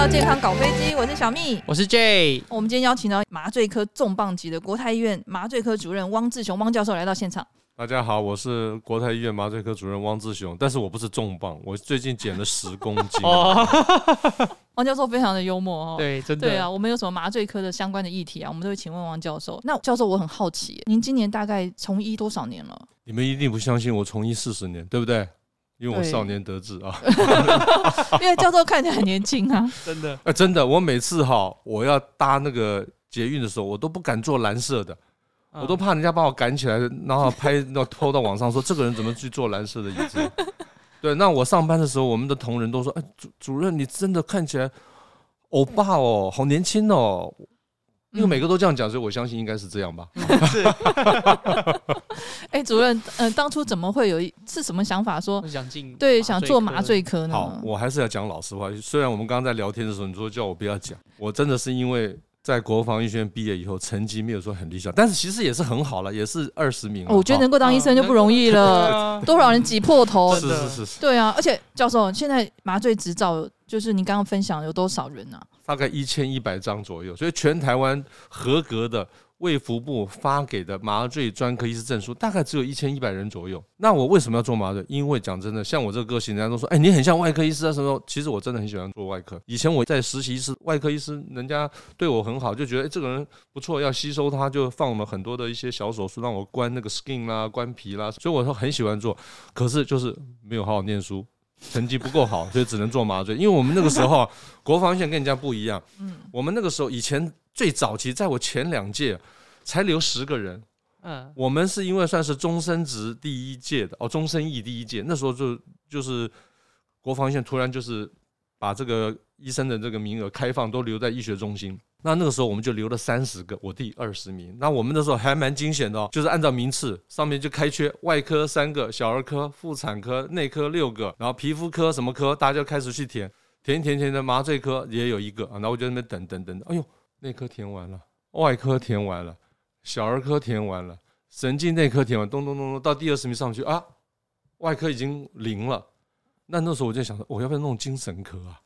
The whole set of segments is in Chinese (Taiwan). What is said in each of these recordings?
要健康搞飛機，我是小蜜，我是 Jay。我們今天邀請到麻醉科重磅級的國泰醫院麻醉科主任汪志雄汪教授來到現場。大家好，我是國泰醫院麻醉科主任汪志雄，但是我不是重磅，我最近減了十公斤。汪教授非常的幽默哦，對，真的。對啊，我們有什麼麻醉科的相關的議題啊？我們都會請問汪教授。那教授，我很好奇，您今年大概從醫多少年了？你們一定不相信我從醫四十年，對不對？因為我少年得志啊，對 因為教授看起來很年輕啊， 真的，啊，真的，我每次哈，我要搭那個捷運的時候，我都不敢坐藍色的，我都怕人家把我趕起來，然後拍，然後拖到網上說這個人怎麼去坐藍色的椅子？對，那我上班的時候，我們的同仁都說，哎，主主任，你真的看起來歐巴哦，好年輕哦，因為每個都這樣講，所以我相信應該是這樣吧。嗯、 是。 哎，欸、主任，嗯，當初怎麼會有一是什麼想法？說想進對，想做麻醉科呢？好，我還是要講老實話。雖然我們剛剛在聊天的時候，你說叫我不要講，我真的是因為在國防醫學院畢業以後，成績沒有說很理想，但是其實也是很好了，也是二十名。啊，我覺得能夠當醫生就不容易了，多少人擠破頭。是是是是。對啊，而且教授現在麻醉執照，就是你剛剛分享，有多少人呢？啊？大概一千一百張左右，所以全台灣合格的。衛福部發給的麻醉專科醫師證書，大概只有一千一百人左右。那我為什麼要做麻醉？因為講真的，像我這個個性，人家都說，哎，你很像外科醫師啊，什麼？其實我真的很喜歡做外科。以前我在實習時，外科醫師人家對我很好，就覺得哎，這個人不錯，要吸收他，就放了很多的一些小手術讓我關那個 skin 啦、啊，關皮啦、啊。所以我說很喜歡做，可是就是沒有好好念書。成績不夠好，所以只能做麻醉。因為我們那個時候、啊、國防醫跟人家不一樣。嗯，我們那個時候以前最早期，在我前兩屆才留十個人。嗯，我們是因為算是終身職第一屆的哦，終身役第一屆。那時候就就是國防醫突然就是。把這個醫生的這個名額開放都留在醫學中心。那那個時候我們就留了三十個，我第二十名。那我們那時候還蠻驚險的哦，就是按照名次上面就開缺，外科三個，小兒科、婦產科、內科六個，然後皮膚科什麼科，大家就開始去填，填填填的，麻醉科也有一個啊。然後我就在那邊等等等等，哎呦，內科填完了，外科填完了，小兒科填完了，神經內科填完，咚咚咚咚咚到第二十名上去啊，外科已經零了。那那時候我就想說，我、哦、要不要弄精神科啊？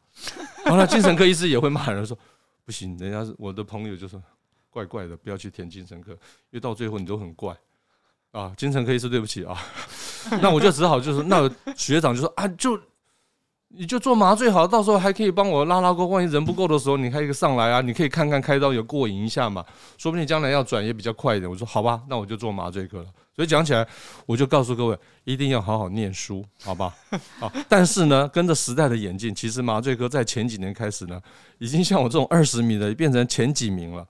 完、哦、了，精神科醫師也會罵人說， 不行，人家是我的朋友就說，怪怪的，不要去填精神科，因為到最後你都很怪啊。精神科醫師對不起啊， 那我就只好就是那學長就說啊就。你就做麻醉好了，到時候還可以幫我拉拉鈎。萬一人不夠的時候，你還可以上來啊，你可以看看開刀有過癮一下嘛。說不定將來要轉也比較快一點。我說好吧，那我就做麻醉科了。所以講起來，我就告訴各位，一定要好好念書，好吧？好，但是呢，跟着時代的演進，其實麻醉科在前幾年開始呢，已經像我這種二十名的變成前幾名了。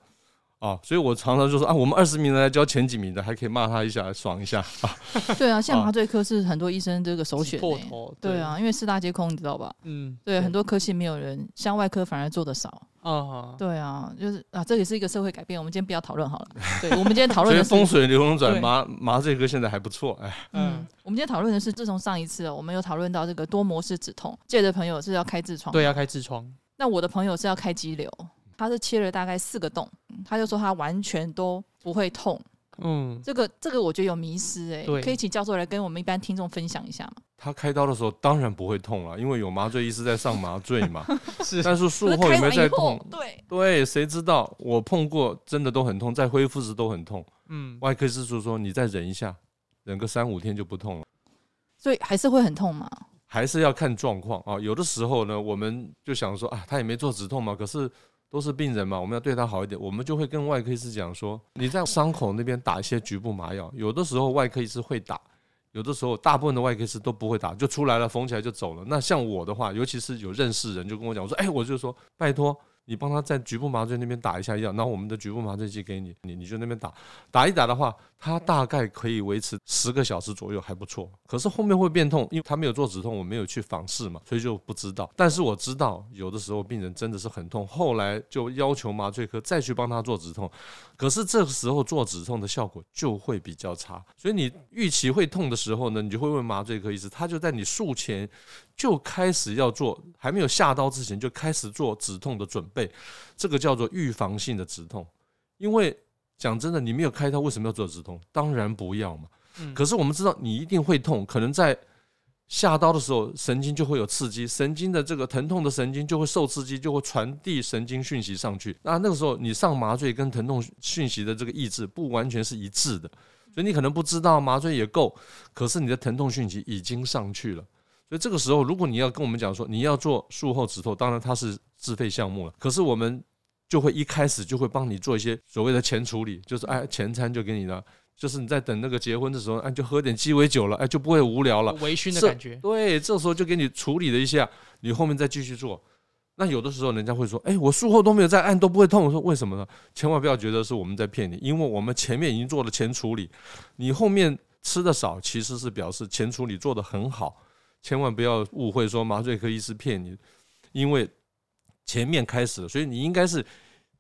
啊、哦，所以我常常就說啊，我們二十名的來教前幾名的，還可以罵他一下，爽一下。啊對啊，像麻醉科是很多醫生這個首選、欸、對啊，因為四大皆空，你知道吧？嗯，對，很多科系沒有人，像外科反而做得少。啊，對啊，就是啊，這也是一個社會改變。我們今天不要討論好了。對，我們今天討論。所以風水流轉，對麻麻醉科現在還不錯。哎、欸，嗯，我們今天討論的是，自從上一次、喔、我們有討論到這個多模式止痛，接著朋友是要開痔瘡，對、啊，要開痔瘡。那我的朋友是要開肌瘤，他是切了大概四個洞。他就說他完全都不會痛，嗯，這個這個我覺得有迷失，哎、欸，對可以請教授來跟我們一般聽眾分享一下嗎？他開刀的時候當然不會痛了，因為有麻醉醫師在上麻醉嘛， 是。但是術後有沒有在痛？對對，誰知道？我碰過，真的都很痛，在恢復時都很痛。嗯，外科醫師說，說你再忍一下，忍個三五天就不痛了。所以還是會很痛嗎？還是要看狀況啊。有的時候呢，我們就想說啊，他也沒做止痛嘛，可是。都是病人嘛，我們要對他好一點，我們就會跟外科醫師講說，你在傷口那邊打一些局部麻藥。有的時候外科醫師會打，有的時候大部分的外科醫師都不會打，就出來了，縫起來就走了。那像我的話，尤其是有認識人，就跟我講，我說，哎，我就說，拜託。你幫他，在局部麻醉那邊打一下藥，然後我們的局部麻醉劑給你，你你就那邊打，打一打的話，他大概可以維持十個小時左右，還不錯。可是後面會變痛，因為他沒有做止痛，我沒有去訪視嘛，所以就不知道。但是我知道，有的時候病人真的是很痛，後來就要求麻醉科再去幫他做止痛，可是這個時候做止痛的效果就會比較差。所以你預期會痛的時候呢，你就會問麻醉科醫生，他就在你術前就開始要做，還沒有下刀之前就開始做止痛的準。被這個叫做預防性的止痛，因為講真的，你沒有開刀，為什麼要做止痛？當然不要嘛。可是我們知道，你一定會痛，可能在下刀的時候，神經就會有刺激，神經的這個疼痛的神經就會受刺激，就會傳遞神經訊息上去。那那個時候，你上麻醉跟疼痛訊息的這個抑制不完全是一致的，所以你可能不知道麻醉也夠，可是你的疼痛訊息已經上去了。所以這個時候，如果你要跟我們講說你要做術後止痛，當然它是。自費項目了，可是我們就會一開始就會幫你做一些所謂的前處理，就是哎前餐就給你了，就是你在等那個結婚的時候，哎就喝點雞尾酒了，哎就不會無聊了，微醺的感覺。對，這時候就給你處理了一下，你後面再繼續做。那有的時候人家會說，哎，我術後都沒有在按，都不會痛，我說為什麼呢？千萬不要覺得是我們在騙你，因為我們前面已經做了前處理，你後面吃的少，其實是表示前處理做得很好。千萬不要誤會說麻醉科醫師騙你，因為。前面開始了，所以你應該是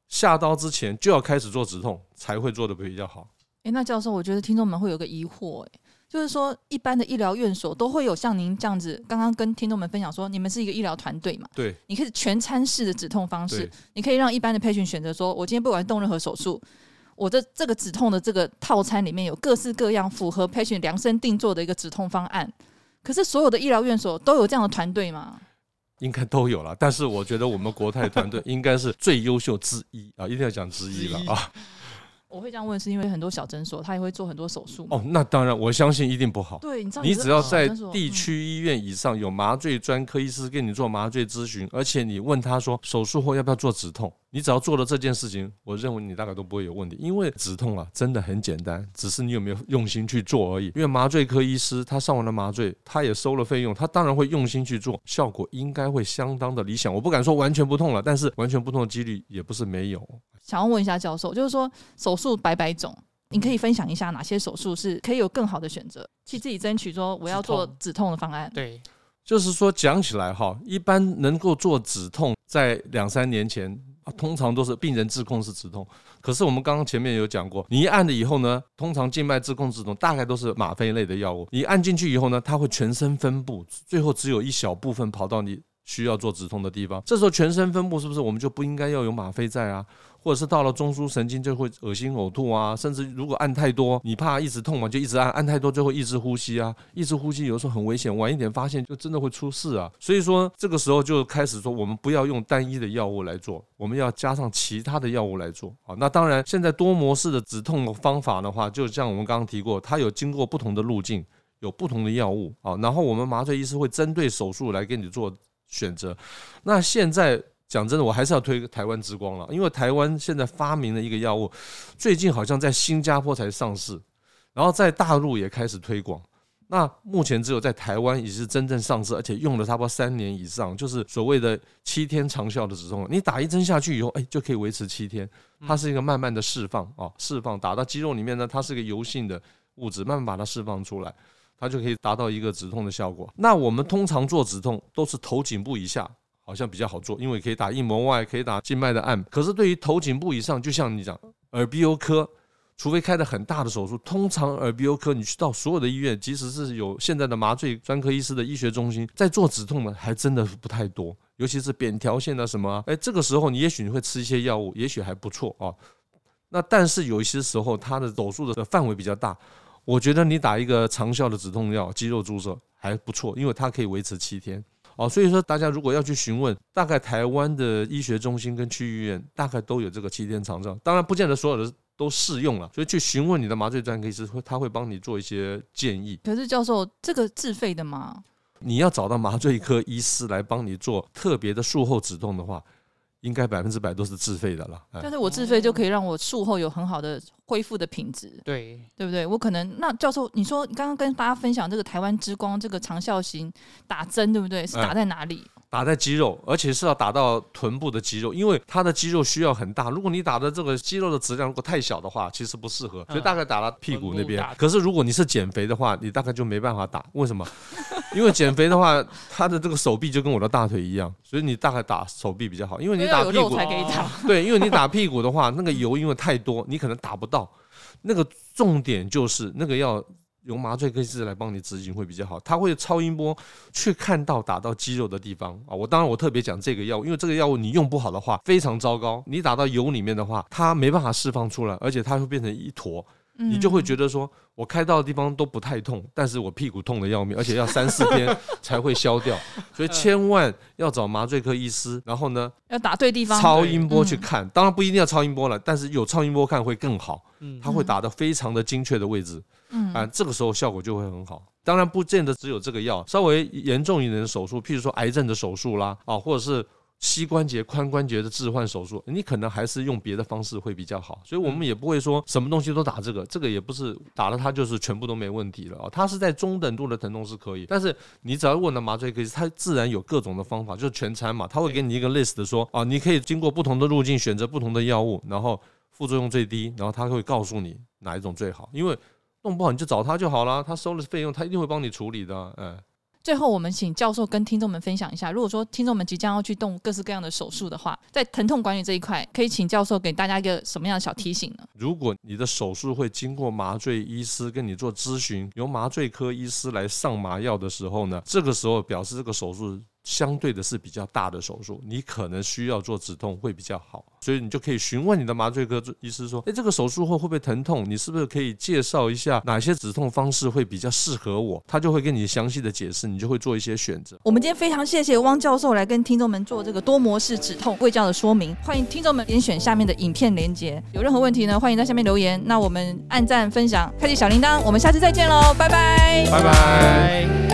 下刀之前就要開始做止痛，才會做得比較好。哎，那教授，我覺得聽眾們會有個疑惑，欸，就是說一般的醫療院所都會有像您這樣子，剛剛跟聽眾們分享說，你們是一個醫療團隊嘛？對，你可以全餐式的止痛方式，你可以讓一般的 patient 選擇說，我今天不管動任何手術，我的這這個止痛的這個套餐裡面有各式各樣符合 patient 量身定做的一個止痛方案。可是所有的醫療院所都有這樣的團隊嗎？應該都有了，但是我覺得我們國泰團隊應該是最優秀之一 啊，一定要講之一了啊！我會這樣問是，是因為很多小診所他也會做很多手術哦，那當然，我相信一定不好。對，你，你只要在地區醫院以上有麻醉專科醫師給你做麻醉諮詢，嗯、而且你問他說手術後要不要做止痛。你只要做了這件事情，我認為你大概都不會有問題，因為止痛啊，真的很簡單，只是你有沒有用心去做而已。因為麻醉科醫師他上完了麻醉，他也收了費用，他當然會用心去做，效果應該會相當的理想。我不敢說完全不痛了，但是完全不痛的幾率也不是沒有。想問一下教授，就是說手術百百種，你可以分享一下哪些手術是可以有更好的選擇，去自己爭取說我要做止痛的方案？對，就是說講起來哈，一般能夠做止痛，在兩三年前。啊，通常都是病人自控式止痛，可是我們剛剛前面有講過，你一按了以後呢，通常靜脈自控止痛大概都是嗎啡類的藥物，你按進去以後呢，它會全身分布，最後只有一小部分跑到你。需要做止痛的地方，這時候全身分布是不是我們就不應該要有嗎啡在啊？或者是到了中樞神經就會惡心嘔吐啊？甚至如果按太多，你怕一直痛嘛，就一直按，按太多就會抑制呼吸啊，抑制呼吸有時候很危險，晚一點發現就真的會出事啊。所以說這個時候就開始說我們不要用單一的藥物來做，我們要加上其他的藥物來做啊。那當然，現在多模式的止痛的方法的話，就像我們剛剛提過，它有經過不同的路徑，有不同的藥物啊。然後我們麻醉醫師會針對手術來給你做選擇，那現在講真的，我還是要推台灣之光了，因為台灣現在發明了一個藥物，最近好像在新加坡才上市，然後在大陸也開始推廣。那目前只有在台灣已經是真正上市，而且用了差不多三年以上，就是所謂的七天長效的止痛藥。你打一針下去以後，哎、欸，就可以維持七天。它是一個慢慢的釋放啊，釋放打到肌肉裡面呢，它是一個油性的物質，慢慢把它釋放出來。它就可以達到一個止痛的效果。那我們通常做止痛都是頭頸部以下好像比較好做，因為可以打硬膜外，可以打靜脈的按。可是對於頭頸部以上，就像你講耳鼻喉科，除非開的很大的手術，通常耳鼻喉科你去到所有的醫院，即使是有現在的麻醉專科醫師的醫學中心在做止痛的，還真的不太多。尤其是扁桃腺的什麼，誒，這個時候你也許你會吃一些藥物，也許還不錯啊。那但是有一些時候，它的手術的範圍比較大。我覺得你打一個長效的止痛藥，肌肉注射還不錯，因為它可以維持七天哦。所以說，大家如果要去詢問，大概台灣的醫學中心跟區域醫院大概都有這個七天長效，當然不見得所有的都適用了。所以去詢問你的麻醉專科醫師，會他會幫你做一些建議。可是教授，這個自費的嗎？你要找到麻醉科醫師來幫你做特別的術後止痛的話。應該百分之百都是自費的了，但、嗯、是我自費就可以讓我術後有很好的恢復的品質，對，對不對？我可能那教授，你說剛剛跟大家分享這個台灣之光這個長效型打針，對不對？是打在哪裡？嗯打在肌肉，而且是要打到臀部的肌肉，因為它的肌肉需要很大。如果你打的這個肌肉的質量如果太小的話，其實不適合。嗯、所以大概打到屁股那邊。可是如果你是減肥的話，你大概就沒辦法打。為什麼？ 因為減肥的話，他的這個手臂就跟我的大腿一樣，所以你大概打手臂比較好。因為你打屁股有有肉才給你打。對，因為你打屁股的話，那個油因為太多，你可能打不到。 那個重點就是那個要。用麻醉科技師來幫你執行會比較好，它會超音波去看到打到肌肉的地方啊。我當然我特別講這個藥物，因為這個藥物你用不好的話非常糟糕。你打到油裡面的話，它沒辦法釋放出來，而且它會變成一坨。你就會覺得說，我開刀的地方都不太痛，但是我屁股痛得要命，而且要三四天才會消掉， 所以千萬要找麻醉科醫師，然後呢，要打對地方，超音波去看，嗯、當然不一定要超音波了，但是有超音波看會更好，它會打得非常的精確的位置，嗯，啊，這個時候效果就會很好，當然不見得只有這個藥，稍微嚴重一點的手術，譬如說癌症的手術啦，啊，或者是。膝關節、髖關節的置換手術，你可能還是用別的方式會比較好。所以，我們也不會說什麼東西都打這個，這個也不是打了它就是全部都沒問題了啊。它是在中等度的疼痛是可以，但是你只要問的麻醉科，它自然有各種的方法，就是全餐嘛，他會給你一個 list 說啊，你可以經過不同的路徑選擇不同的藥物，然後副作用最低，然後他會告訴你哪一種最好。因為弄不好你就找他就好了，他收了費用他一定會幫你處理的，嗯。最後，我們請教授跟聽眾們分享一下，如果說聽眾們即將要去動各式各樣的手術的話，在疼痛管理這一塊，可以請教授給大家一個什麼樣的小提醒呢？如果你的手術會經過麻醉醫師跟你做諮詢，由麻醉科醫師來上麻藥的時候呢，這個時候表示這個手術。相對的是比較大的手術，你可能需要做止痛會比較好，所以你就可以詢問你的麻醉科醫師，說，誒，這個手術後會不會疼痛？你是不是可以介紹一下哪些止痛方式會比較適合我？他就會跟你詳細的解釋，你就會做一些選擇。我們今天非常謝謝汪教授來跟聽眾們做這個多模式止痛衛教的說明，歡迎聽眾們點選下面的影片連接。有任何問題呢，歡迎在下面留言。那我們按讚、分享、開啟小鈴鐺，我們下次再見嘍，拜拜，拜拜。